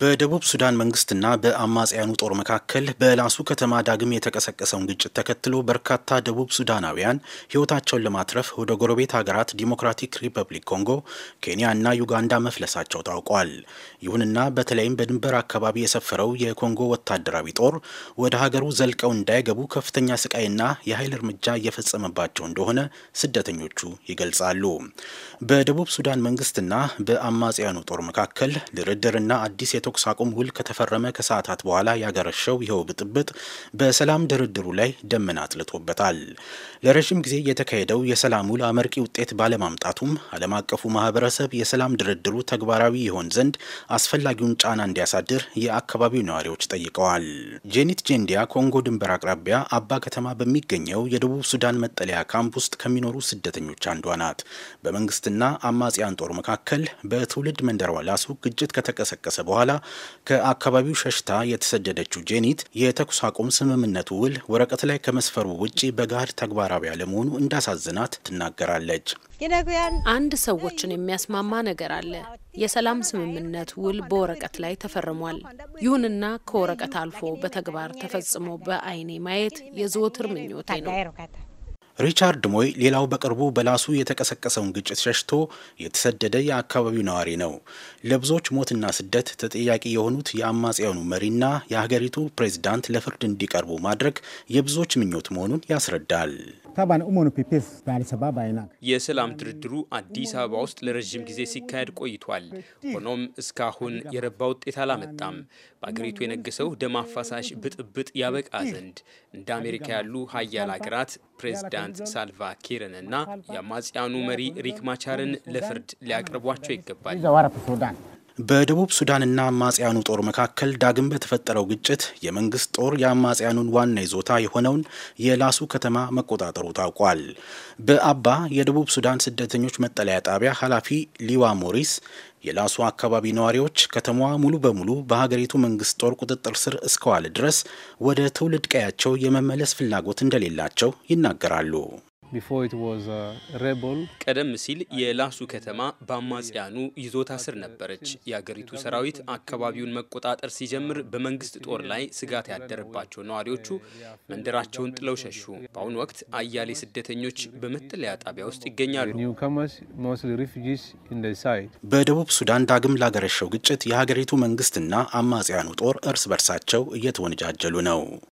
በደቡብ ሱዳን መንግስትና በአማጽያኑ ጦር መካከል በላሱ ከተማ ዳግም የተቀሰቀሰውን ግጭት ተከትሎ በርካታ ደቡብ ሱዳናውያን ሕይወታቸውን ለማትረፍ ወደ ጎረቤት ሀገራት ዲሞክራቲክ ሪፐብሊክ ኮንጎ፣ ኬንያ እና ዩጋንዳ መፍለሳቸው ታውቋል። ይሁንና በተለይም በድንበር አካባቢ የሰፈረው የኮንጎ ወታደራዊ ጦር ወደ ሀገሩ ዘልቀው እንዳይገቡ ከፍተኛ ስቃይና የኃይል እርምጃ እየፈጸመባቸው እንደሆነ ስደተኞቹ ይገልጻሉ። በደቡብ ሱዳን መንግስትና በአማጽያኑ ጦር መካከል ድርድርና አዲስ የተኩስ አቁም ውል ከተፈረመ ከሰዓታት በኋላ ያገረሸው ይኸው ብጥብጥ በሰላም ድርድሩ ላይ ደመና አጥልቶበታል። ለረዥም ጊዜ የተካሄደው የሰላም ውል አመርቂ ውጤት ባለማምጣቱም ዓለም አቀፉ ማህበረሰብ የሰላም ድርድሩ ተግባራዊ ይሆን ዘንድ አስፈላጊውን ጫና እንዲያሳድር የአካባቢው ነዋሪዎች ጠይቀዋል። ጄኒት ጄንዲያ ኮንጎ ድንበር አቅራቢያ አባ ከተማ በሚገኘው የደቡብ ሱዳን መጠለያ ካምፕ ውስጥ ከሚኖሩ ስደተኞች አንዷ ናት። በመንግስትና አማጽያን ጦር መካከል በትውልድ መንደሯ ላሱ ግጭት ከተቀሰቀሰ በኋላ ከአካባቢው ሸሽታ የተሰደደችው ጄኒት የተኩስ አቁም ስምምነቱ ውል ወረቀት ላይ ከመስፈሩ ውጪ በጋድ ተግባራ አካባቢ አለመሆኑ እንዳሳዝናት ትናገራለች። አንድ ሰዎችን የሚያስማማ ነገር አለ። የሰላም ስምምነት ውል በወረቀት ላይ ተፈርሟል። ይሁንና ከወረቀት አልፎ በተግባር ተፈጽሞ በአይኔ ማየት የዘወትር ምኞቴ ነው። ሪቻርድ ሞይ ሌላው በቅርቡ በላሱ የተቀሰቀሰውን ግጭት ሸሽቶ የተሰደደ የአካባቢው ነዋሪ ነው። ለብዙዎች ሞትና ስደት ተጠያቂ የሆኑት የአማጽያኑ መሪና የሀገሪቱ ፕሬዝዳንት ለፍርድ እንዲቀርቡ ማድረግ የብዙዎች ምኞት መሆኑን ያስረዳል። የሰላም ድርድሩ አዲስ አበባ ውስጥ ለረዥም ጊዜ ሲካሄድ ቆይቷል። ሆኖም እስካሁን የረባ ውጤት አላመጣም። በአገሪቱ የነገሰው ደም አፋሳሽ ብጥብጥ ያበቃ ዘንድ እንደ አሜሪካ ያሉ ሀያል ሀገራት ፕሬዝዳንት ሳልቫ ና የአማጽያኑ መሪ ሪክ ማቻርን ለፍርድ ሊያቀርቧቸው ይገባል። በደቡብ ሱዳንና አማጽያኑ ጦር መካከል ዳግም በተፈጠረው ግጭት የመንግስት ጦር የአማጽያኑን ዋና ይዞታ የሆነውን የላሱ ከተማ መቆጣጠሩ ታውቋል። በአባ የደቡብ ሱዳን ስደተኞች መጠለያ ጣቢያ ኃላፊ ሊዋ ሞሪስ የላሱ አካባቢ ነዋሪዎች ከተማዋ ሙሉ በሙሉ በሀገሪቱ መንግስት ጦር ቁጥጥር ስር እስከዋለ ድረስ ወደ ትውልድ ቀያቸው የመመለስ ፍላጎት እንደሌላቸው ይናገራሉ። ቀደም ሲል የላሱ ከተማ በአማጽያኑ ይዞታ ስር ነበረች። የአገሪቱ ሰራዊት አካባቢውን መቆጣጠር ሲጀምር በመንግስት ጦር ላይ ስጋት ያደረባቸው ነዋሪዎቹ መንደራቸውን ጥለው ሸሹ። በአሁኑ ወቅት አያሌ ስደተኞች በመጠለያ ጣቢያ ውስጥ ይገኛሉ። በደቡብ ሱዳን ዳግም ላገረሸው ግጭት የሀገሪቱ መንግስትና አማጽያኑ ጦር እርስ በርሳቸው እየተወነጃጀሉ ነው።